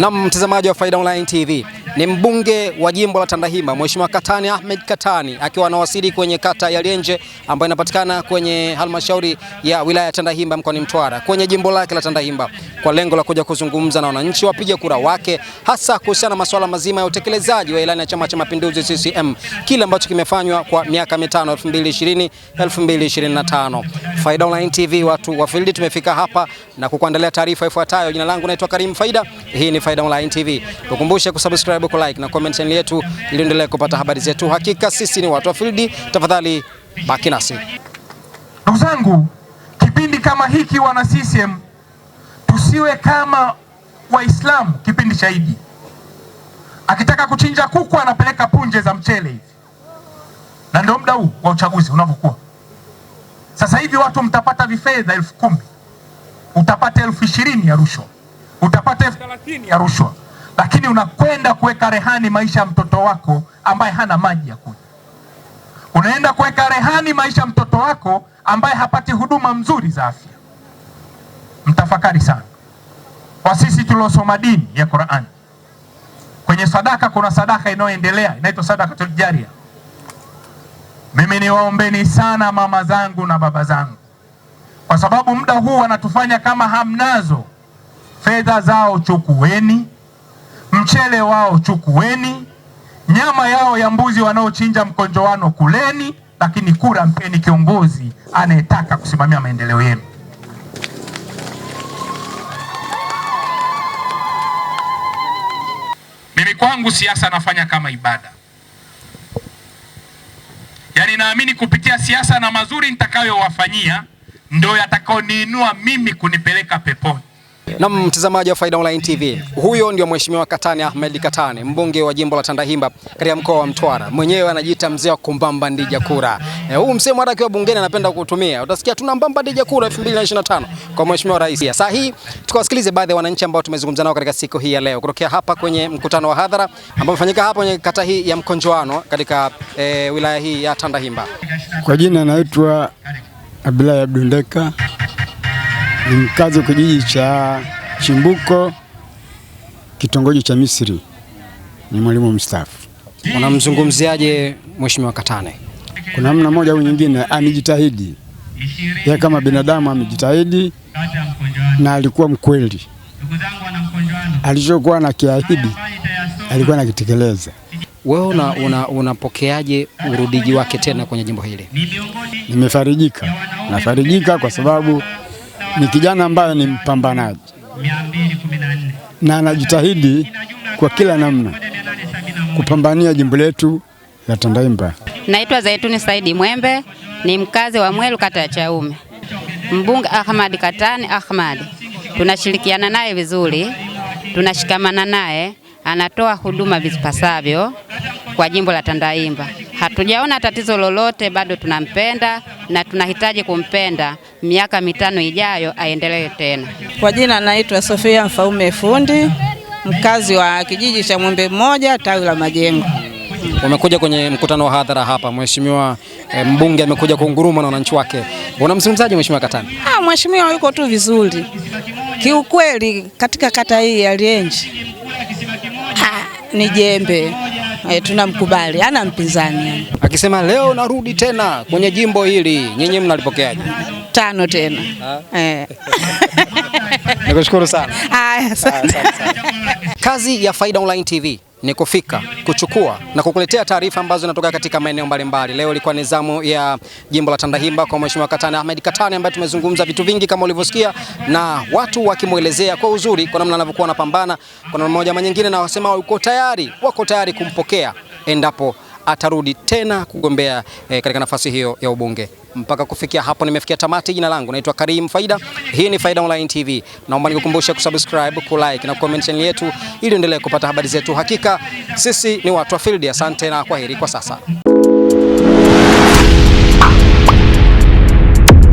Na mtazamaji wa Faida Online TV ni mbunge wa jimbo la Tandahimba Mheshimiwa Katani Ahmed Katani akiwa anawasili kwenye kata ya Lyenje ambayo inapatikana kwenye halmashauri ya wilaya ya Tandahimba mkoani Mtwara kwenye jimbo lake la Tandahimba kwa lengo la kuja kuzungumza na wananchi wapige kura wake hasa kuhusiana na masuala mazima ya utekelezaji wa ilani ya Chama cha Mapinduzi CCM, kile ambacho kimefanywa kwa miaka mitano 2020 2025. Faida Online TV, watu wa field, tumefika hapa na kukuandalia taarifa ifuatayo. Jina langu naitwa Karim Faida. Hii ni Faida Online TV. Tukumbushe kusubscribe subscribe, ku like na comment channel yetu ili endelee kupata habari zetu. Hakika sisi ni watu wa field, tafadhali baki nasi. Ndugu zangu, kipindi kama hiki wana CCM tusiwe kama Waislamu kipindi cha Idi. Akitaka kuchinja kuku anapeleka punje za mchele hivi, na ndio muda huu wa uchaguzi unavyokuwa sasa hivi. Watu mtapata vifedha elfu kumi utapata elfu ishirini ya rushwa, utapata elfu thelathini ya rushwa lakini unakwenda kuweka rehani maisha ya mtoto wako ambaye hana maji ya kunywa. Unaenda kuweka rehani maisha ya mtoto wako ambaye hapati huduma mzuri za afya. Mtafakari sana kwa sisi tuliosoma dini ya Qur'an. Kwenye sadaka kuna sadaka inayoendelea inaitwa sadaka tuljaria. Mimi niwaombeni sana mama zangu na baba zangu, kwa sababu muda huu wanatufanya kama hamnazo fedha zao, chukueni mchele wao chukueni, nyama yao ya mbuzi wanaochinja mkonjowano kuleni, lakini kura mpeni kiongozi anayetaka kusimamia maendeleo yenu. Mimi kwangu siasa nafanya kama ibada, yaani naamini kupitia siasa na mazuri nitakayowafanyia ndio yatakaoniinua mimi kunipeleka peponi. Na mtazamaji wa Faida Online TV, huyo ndio Mheshimiwa Katani Ahmed Katani, mbunge wa jimbo la Tandahimba katika mkoa wa Mtwara. Mwenyewe anajiita mzee wa kumbamba ndija kura. E, Huu msemo hata akiwa bungeni anapenda kutumia. utasikia tuna mbamba ndija kura 2025 kwa Mheshimiwa Rais. Sasa hii tukawasikilize baadhi ya wananchi ambao tumezungumza nao katika siku hii ya leo kutokea hapa kwenye mkutano wa hadhara ambao umefanyika hapa kwenye kata hii ya Mkonjoano katika e, wilaya hii ya Tandahimba. Kwa jina naitwa Abdulahi Abdundeka ni mkazi wa kijiji cha Chimbuko kitongoji cha Misri, ni mwalimu mstaafu. Unamzungumziaje Mheshimiwa Katane? Kuna namna moja au nyingine amejitahidi, ya kama binadamu amejitahidi na alikuwa mkweli, alichokuwa na kiahidi alikuwa nakitekeleza. Wewe una unapokeaje una urudiji wake tena kwenye jimbo hili? Nimefarijika, nafarijika kwa sababu ni kijana ambaye ni mpambanaji na anajitahidi kwa kila namna kupambania jimbo letu la Tandahimba. Naitwa Zaituni Saidi Mwembe, ni mkazi wa Mwelu, kata ya Chaume. Mbunge Ahmadi Katani Ahmadi tunashirikiana naye vizuri, tunashikamana naye, anatoa huduma vipasavyo kwa jimbo la Tandahimba. Hatujaona tatizo lolote, bado tunampenda na tunahitaji kumpenda miaka mitano ijayo aendelee tena. Kwa jina naitwa Sofia Mfaume Fundi, mkazi wa kijiji cha Mwembe Mmoja, tawi la Majengo. Umekuja kwenye mkutano wa hadhara hapa, mheshimiwa e, mbunge amekuja kuunguruma na wananchi wake. Unamzungumzaje mheshimiwa Katani? Ah, mheshimiwa yuko tu vizuri kiukweli. Katika kata hii ya Lienje ah, ni jembe e, tunamkubali ana mpinzani yani. Akisema leo narudi tena kwenye jimbo hili, nyinyi mnalipokeaje? Tano tena e. Eh. Nikushukuru sana. Haya, sana. Kazi ya Faida Online TV ni kufika kuchukua na kukuletea taarifa ambazo zinatoka katika maeneo mbalimbali. Leo ilikuwa ni zamu ya jimbo la Tandahimba kwa Mheshimiwa Katani Ahmed Katani, ambaye tumezungumza vitu vingi kama ulivyosikia, na watu wakimwelezea kwa uzuri kwa namna anavyokuwa anapambana kwa namna moja ama nyingine, na wasema wako tayari, wako tayari kumpokea endapo atarudi tena kugombea e, katika nafasi hiyo ya ubunge. Mpaka kufikia hapo nimefikia tamati. Jina langu naitwa Karim Faida, hii ni Faida Online TV. Naomba nikukumbushe kusubscribe, kulike na comment channel yetu ili uendelee kupata habari zetu. Hakika sisi ni watu wa field. Asante na kwaheri kwa sasa.